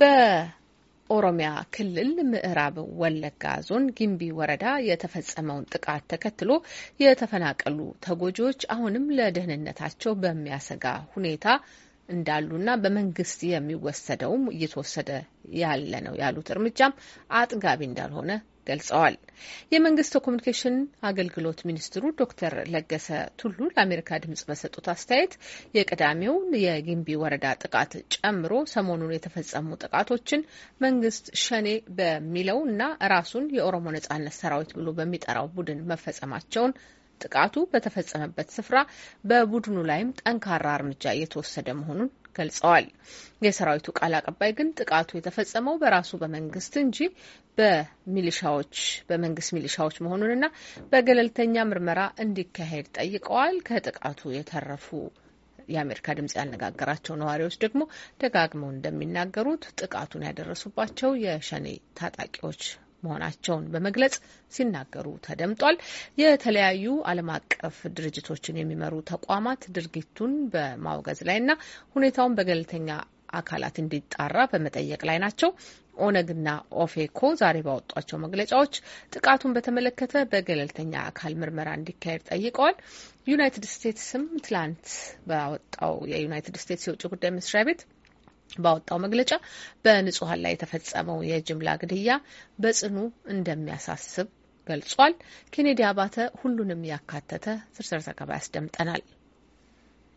በኦሮሚያ ክልል ምዕራብ ወለጋ ዞን ጊምቢ ወረዳ የተፈጸመውን ጥቃት ተከትሎ የተፈናቀሉ ተጎጂዎች አሁንም ለደህንነታቸው በሚያሰጋ ሁኔታ እንዳሉና በመንግስት የሚወሰደውም እየተወሰደ ያለ ነው ያሉት እርምጃም አጥጋቢ እንዳልሆነ ገልጸዋል። የመንግስት ኮሚኒኬሽን አገልግሎት ሚኒስትሩ ዶክተር ለገሰ ቱሉ ለአሜሪካ ድምጽ በሰጡት አስተያየት የቅዳሜውን የጊምቢ ወረዳ ጥቃት ጨምሮ ሰሞኑን የተፈጸሙ ጥቃቶችን መንግስት ሸኔ በሚለው እና ራሱን የኦሮሞ ነጻነት ሰራዊት ብሎ በሚጠራው ቡድን መፈጸማቸውን ጥቃቱ በተፈጸመበት ስፍራ በቡድኑ ላይም ጠንካራ እርምጃ እየተወሰደ መሆኑን ገልጸዋል። የሰራዊቱ ቃል አቀባይ ግን ጥቃቱ የተፈጸመው በራሱ በመንግስት እንጂ በሚሊሻዎች በመንግስት ሚሊሻዎች መሆኑንና በገለልተኛ ምርመራ እንዲካሄድ ጠይቀዋል። ከጥቃቱ የተረፉ የአሜሪካ ድምጽ ያነጋገራቸው ነዋሪዎች ደግሞ ደጋግመው እንደሚናገሩት ጥቃቱን ያደረሱባቸው የሸኔ ታጣቂዎች መሆናቸውን በመግለጽ ሲናገሩ ተደምጧል። የተለያዩ ዓለም አቀፍ ድርጅቶችን የሚመሩ ተቋማት ድርጊቱን በማውገዝ ላይና ሁኔታውን በገለልተኛ አካላት እንዲጣራ በመጠየቅ ላይ ናቸው። ኦነግና ኦፌኮ ዛሬ ባወጧቸው መግለጫዎች ጥቃቱን በተመለከተ በገለልተኛ አካል ምርመራ እንዲካሄድ ጠይቀዋል። ዩናይትድ ስቴትስም ትላንት ባወጣው የዩናይትድ ስቴትስ የውጭ ጉዳይ መስሪያ ቤት ባወጣው መግለጫ በንጹሀን ላይ የተፈጸመው የጅምላ ግድያ በጽኑ እንደሚያሳስብ ገልጿል። ኬኔዲ አባተ ሁሉንም ያካተተ ዝርዝር ዘገባ ያስደምጠናል።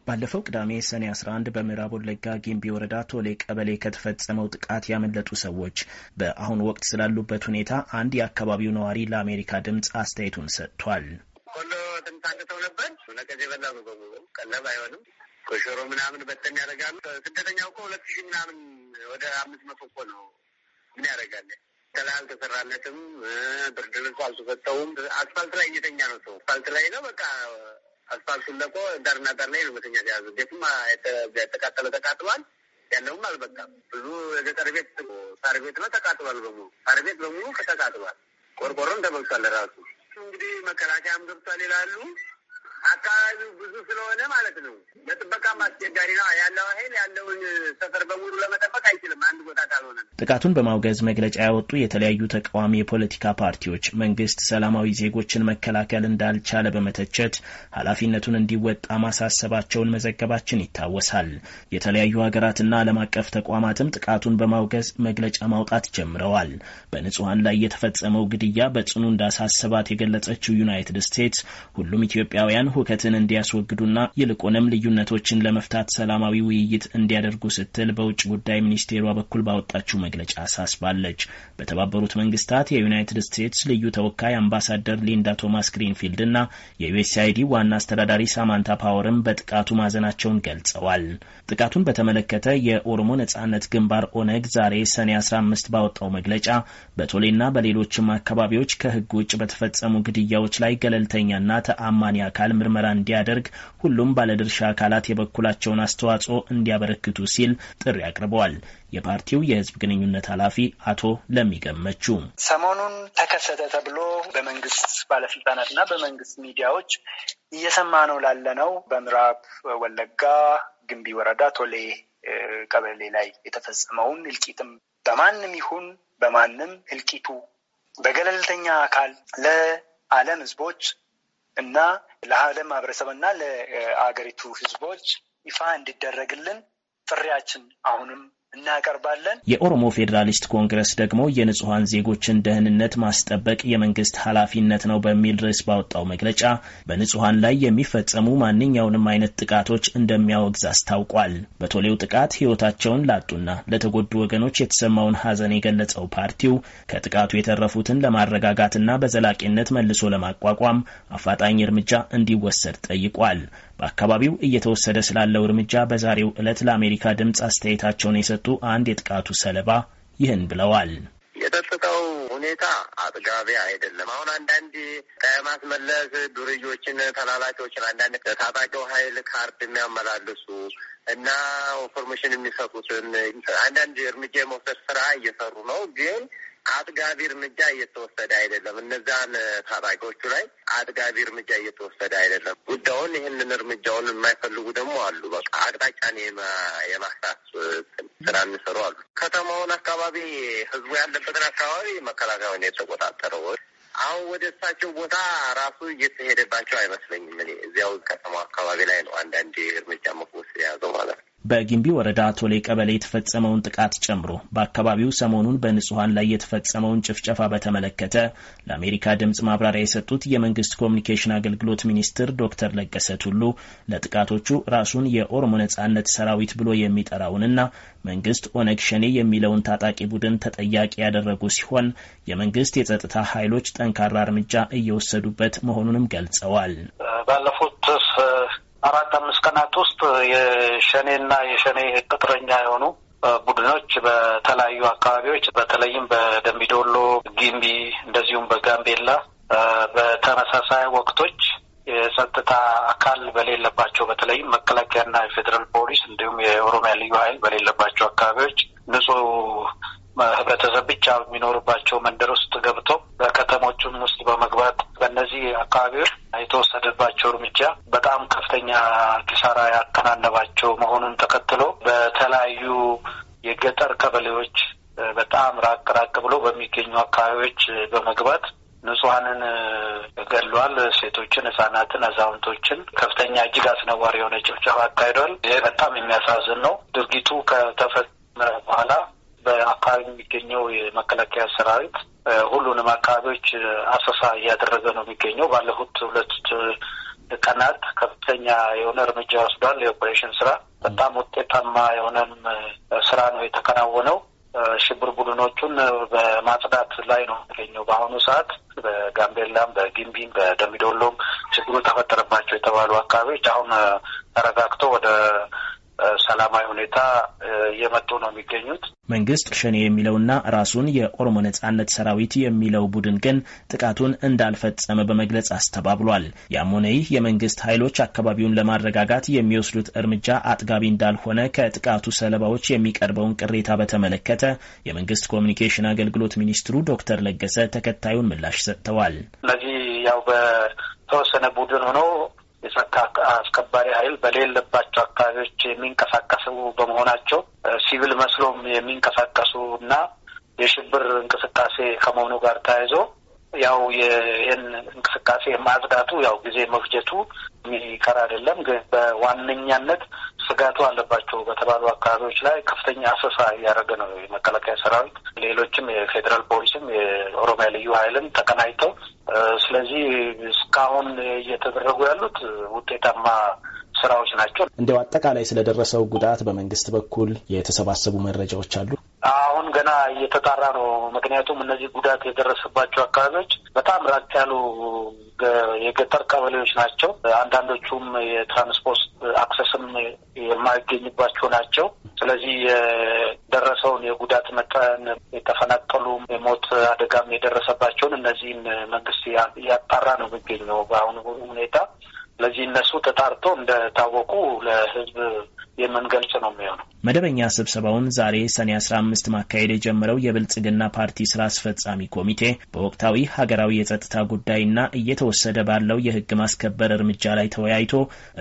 ባለፈው ቅዳሜ ሰኔ 11 በምዕራብ ወለጋ ጊምቢ ወረዳ ቶሌ ቀበሌ ከተፈጸመው ጥቃት ያመለጡ ሰዎች በአሁኑ ወቅት ስላሉበት ሁኔታ አንድ የአካባቢው ነዋሪ ለአሜሪካ ድምፅ አስተያየቱን ሰጥቷል። ቆሎ ነበር ቀለብ አይሆንም ኮሸሮ ምናምን በተን ያደርጋሉ። ስደተኛው እኮ ሁለት ሺህ ምናምን ወደ አምስት መቶ እኮ ነው። ምን ያደርጋለ? ተላ አልተሰራለትም። ብርድ ልብሱ አልተሰጠውም። አስፋልት ላይ እየተኛ ነው ሰው። አስፋልት ላይ ነው በቃ አስፋልቱን ለቆ ዳርና ዳር ላይ ነው መተኛ ተያዙ። ቤቱም የተቃጠለ ተቃጥሏል። ያለውም አልበቃም። ብዙ የገጠር ቤት ሳር ቤት ነው ተቃጥሏል። በሙሉ ሳር ቤት በሙሉ ተቃጥሏል። ቆርቆሮም ተበልቷል። ራሱ እንግዲህ መከላከያም ገብቷል ይላሉ አካባቢው ብዙ ስለሆነ ማለት ነው። ለጥበቃም አስቸጋሪ ነው ያለው ኃይል ያለውን ሰፈር በሙሉ ለ ጥቃቱን በማውገዝ መግለጫ ያወጡ የተለያዩ ተቃዋሚ የፖለቲካ ፓርቲዎች መንግስት ሰላማዊ ዜጎችን መከላከል እንዳልቻለ በመተቸት ኃላፊነቱን እንዲወጣ ማሳሰባቸውን መዘገባችን ይታወሳል። የተለያዩ ሀገራትና ዓለም አቀፍ ተቋማትም ጥቃቱን በማውገዝ መግለጫ ማውጣት ጀምረዋል። በንጹሐን ላይ የተፈጸመው ግድያ በጽኑ እንዳሳሰባት የገለጸችው ዩናይትድ ስቴትስ ሁሉም ኢትዮጵያውያን ሁከትን እንዲያስወግዱና ይልቁንም ልዩነቶችን ለመፍታት ሰላማዊ ውይይት እንዲያደርጉ ስትል በውጭ ጉዳይ ሚኒስቴሯ በኩል ባወጣችው መግለጫ አሳስባለች። በተባበሩት መንግስታት የዩናይትድ ስቴትስ ልዩ ተወካይ አምባሳደር ሊንዳ ቶማስ እና የዩኤስአይዲ ዋና አስተዳዳሪ ሳማንታ ፓወርም በጥቃቱ ማዘናቸውን ገልጸዋል። ጥቃቱን በተመለከተ የኦሮሞ ነጻነት ግንባር ኦነግ ዛሬ ሰኔ 15 ባወጣው መግለጫ በቶሌና በሌሎችም አካባቢዎች ከህግ ውጭ በተፈጸሙ ግድያዎች ላይ ገለልተኛና ተአማኒ አካል ምርመራ እንዲያደርግ ሁሉም ባለድርሻ አካላት የበኩላቸውን አስተዋጽኦ እንዲያበረክቱ ሲል ጥሪ አቅርበዋል። የፓርቲው የህዝብ ግንኙነት ኃላፊ አቶ ለሚገመቹ ሰሞኑን ተከሰተ ተብሎ በመንግስት ባለስልጣናት እና በመንግስት ሚዲያዎች እየሰማ ነው ላለነው በምዕራብ ወለጋ ግንቢ ወረዳ ቶሌ ቀበሌ ላይ የተፈጸመውን እልቂትም በማንም ይሁን በማንም እልቂቱ በገለልተኛ አካል ለዓለም ህዝቦች እና ለዓለም ማህበረሰብ እና ለአገሪቱ ህዝቦች ይፋ እንዲደረግልን ጥሪያችን አሁንም እናቀርባለን። የኦሮሞ ፌዴራሊስት ኮንግረስ ደግሞ የንጹሐን ዜጎችን ደህንነት ማስጠበቅ የመንግስት ኃላፊነት ነው በሚል ርዕስ ባወጣው መግለጫ በንጹሐን ላይ የሚፈጸሙ ማንኛውንም አይነት ጥቃቶች እንደሚያወግዝ አስታውቋል። በቶሌው ጥቃት ህይወታቸውን ላጡና ለተጎዱ ወገኖች የተሰማውን ሀዘን የገለጸው ፓርቲው ከጥቃቱ የተረፉትን ለማረጋጋትና በዘላቂነት መልሶ ለማቋቋም አፋጣኝ እርምጃ እንዲወሰድ ጠይቋል። በአካባቢው እየተወሰደ ስላለው እርምጃ በዛሬው ዕለት ለአሜሪካ ድምፅ አስተያየታቸውን የሰጡ አንድ የጥቃቱ ሰለባ ይህን ብለዋል። የጸጥታው ሁኔታ አጥጋቢ አይደለም። አሁን አንዳንድ ከማስመለስ ዱርዮችን፣ ተላላኪዎችን አንዳንድ ታጣቂው ኃይል ካርድ የሚያመላልሱ እና ኢንፎርሜሽን የሚሰጡትን አንዳንድ እርምጃ የመውሰድ ስራ እየሰሩ ነው ግን አጥጋቢ እርምጃ እየተወሰደ አይደለም። እነዛን ታጣቂዎቹ ላይ አጥጋቢ እርምጃ እየተወሰደ አይደለም። ጉዳዩን ይህንን እርምጃውን የማይፈልጉ ደግሞ አሉ። በቃ አቅጣጫን የማሳት ስራ የሚሰሩ አሉ። ከተማውን አካባቢ፣ ህዝቡ ያለበትን አካባቢ መከላከያውን የተቆጣጠረው አሁን ወደ እሳቸው ቦታ ራሱ እየተሄደባቸው አይመስለኝም። እኔ እዚያው ከተማ አካባቢ ላይ ነው አንዳንድ እርምጃ መወሰድ የያዘው ማለት ነው። በጊምቢ ወረዳ ቶሌ ቀበሌ የተፈጸመውን ጥቃት ጨምሮ በአካባቢው ሰሞኑን በንጹሐን ላይ የተፈጸመውን ጭፍጨፋ በተመለከተ ለአሜሪካ ድምፅ ማብራሪያ የሰጡት የመንግስት ኮሚኒኬሽን አገልግሎት ሚኒስትር ዶክተር ለገሰ ቱሉ ለጥቃቶቹ ራሱን የኦሮሞ ነጻነት ሰራዊት ብሎ የሚጠራውንና መንግስት ኦነግ ሸኔ የሚለውን ታጣቂ ቡድን ተጠያቂ ያደረጉ ሲሆን የመንግስት የጸጥታ ኃይሎች ጠንካራ እርምጃ እየወሰዱበት መሆኑንም ገልጸዋል። ባለፉት አራት ቀናት ውስጥ የሸኔና የሸኔ ቅጥረኛ የሆኑ ቡድኖች በተለያዩ አካባቢዎች በተለይም በደምቢዶሎ፣ ጊምቢ እንደዚሁም በጋምቤላ በተመሳሳይ ወቅቶች የጸጥታ አካል በሌለባቸው በተለይም መከላከያና የፌዴራል ፖሊስ እንዲሁም የኦሮሚያ ልዩ ኃይል በሌለባቸው አካባቢዎች ንጹህ ህብረተሰብ ብቻ የሚኖርባቸው መንደር ውስጥ ገብተው በከተሞችም ውስጥ በመግባት በእነዚህ አካባቢዎች በጣም ከፍተኛ ኪሳራ ያከናነባቸው መሆኑን ተከትሎ በተለያዩ የገጠር ቀበሌዎች በጣም ራቅ ራቅ ብሎ በሚገኙ አካባቢዎች በመግባት ንጹሐንን ገሏል። ሴቶችን፣ ህጻናትን፣ አዛውንቶችን ከፍተኛ እጅግ አስነዋሪ የሆነ ጭፍጨፋ አካሂዷል። ይህ በጣም የሚያሳዝን ነው። ድርጊቱ ከተፈመረ በኋላ በአካባቢ የሚገኘው የመከላከያ ሰራዊት ሁሉንም አካባቢዎች አሰሳ እያደረገ ነው የሚገኘው ባለፉት ሁለት ቀናት ከፍተኛ የሆነ እርምጃ ወስዷል። የኦፕሬሽን ስራ በጣም ውጤታማ የሆነም ስራ ነው የተከናወነው። ሽብር ቡድኖቹን በማጽዳት ላይ ነው የሚገኘው በአሁኑ ሰዓት በጋምቤላም፣ በጊምቢም፣ በደሚዶሎም ችግሩ ተፈጠረባቸው የተባሉ አካባቢዎች አሁን ተረጋግተው ወደ ሰላማዊ ሁኔታ እየመጡ ነው የሚገኙት። መንግስት ሸኔ የሚለውና ራሱን የኦሮሞ ነጻነት ሰራዊት የሚለው ቡድን ግን ጥቃቱን እንዳልፈጸመ በመግለጽ አስተባብሏል። ያም ሆነ ይህ የመንግስት ኃይሎች አካባቢውን ለማረጋጋት የሚወስዱት እርምጃ አጥጋቢ እንዳልሆነ ከጥቃቱ ሰለባዎች የሚቀርበውን ቅሬታ በተመለከተ የመንግስት ኮሚኒኬሽን አገልግሎት ሚኒስትሩ ዶክተር ለገሰ ተከታዩን ምላሽ ሰጥተዋል። እነዚህ ያው በተወሰነ ቡድን ሆኖ የጸጥታ አስከባሪ ኃይል በሌለባቸው አካባቢዎች የሚንቀሳቀሱ በመሆናቸው ሲቪል መስሎም የሚንቀሳቀሱ እና የሽብር እንቅስቃሴ ከመሆኑ ጋር ተያይዞ ያው ይህን እንቅስቃሴ ማጽዳቱ ያው ጊዜ መፍጀቱ የሚቀር አይደለም። ግን በዋነኛነት ስጋቱ አለባቸው በተባሉ አካባቢዎች ላይ ከፍተኛ አሰሳ እያደረገ ነው የመከላከያ ሰራዊት፣ ሌሎችም የፌዴራል ፖሊስም የኦሮሚያ ልዩ ኃይልም ተቀናጅተው። ስለዚህ እስካሁን እየተደረጉ ያሉት ውጤታማ ስራዎች ናቸው። እንዲያው አጠቃላይ ስለደረሰው ጉዳት በመንግስት በኩል የተሰባሰቡ መረጃዎች አሉ? አሁን ገና እየተጣራ ነው። ምክንያቱም እነዚህ ጉዳት የደረሰባቸው አካባቢዎች በጣም ራቅ ያሉ የገጠር ቀበሌዎች ናቸው። አንዳንዶቹም የትራንስፖርት አክሰስም የማይገኝባቸው ናቸው። ስለዚህ የደረሰውን የጉዳት መጠን የተፈናቀሉ የሞት አደጋም የደረሰባቸውን እነዚህን መንግስት እያጣራ ነው የሚገኘው በአሁኑ ሁኔታ ስለዚህ እነሱ ተጣርቶ እንደታወቁ ለህዝብ የምንገልጽ ነው የሚሆነው። መደበኛ ስብሰባውን ዛሬ ሰኔ አስራ አምስት ማካሄድ የጀመረው የብልጽግና ፓርቲ ስራ አስፈጻሚ ኮሚቴ በወቅታዊ ሀገራዊ የጸጥታ ጉዳይና እየተወሰደ ባለው የህግ ማስከበር እርምጃ ላይ ተወያይቶ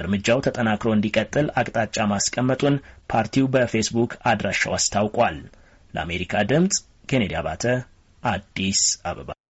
እርምጃው ተጠናክሮ እንዲቀጥል አቅጣጫ ማስቀመጡን ፓርቲው በፌስቡክ አድራሻው አስታውቋል። ለአሜሪካ ድምጽ ኬኔዲ አባተ አዲስ አበባ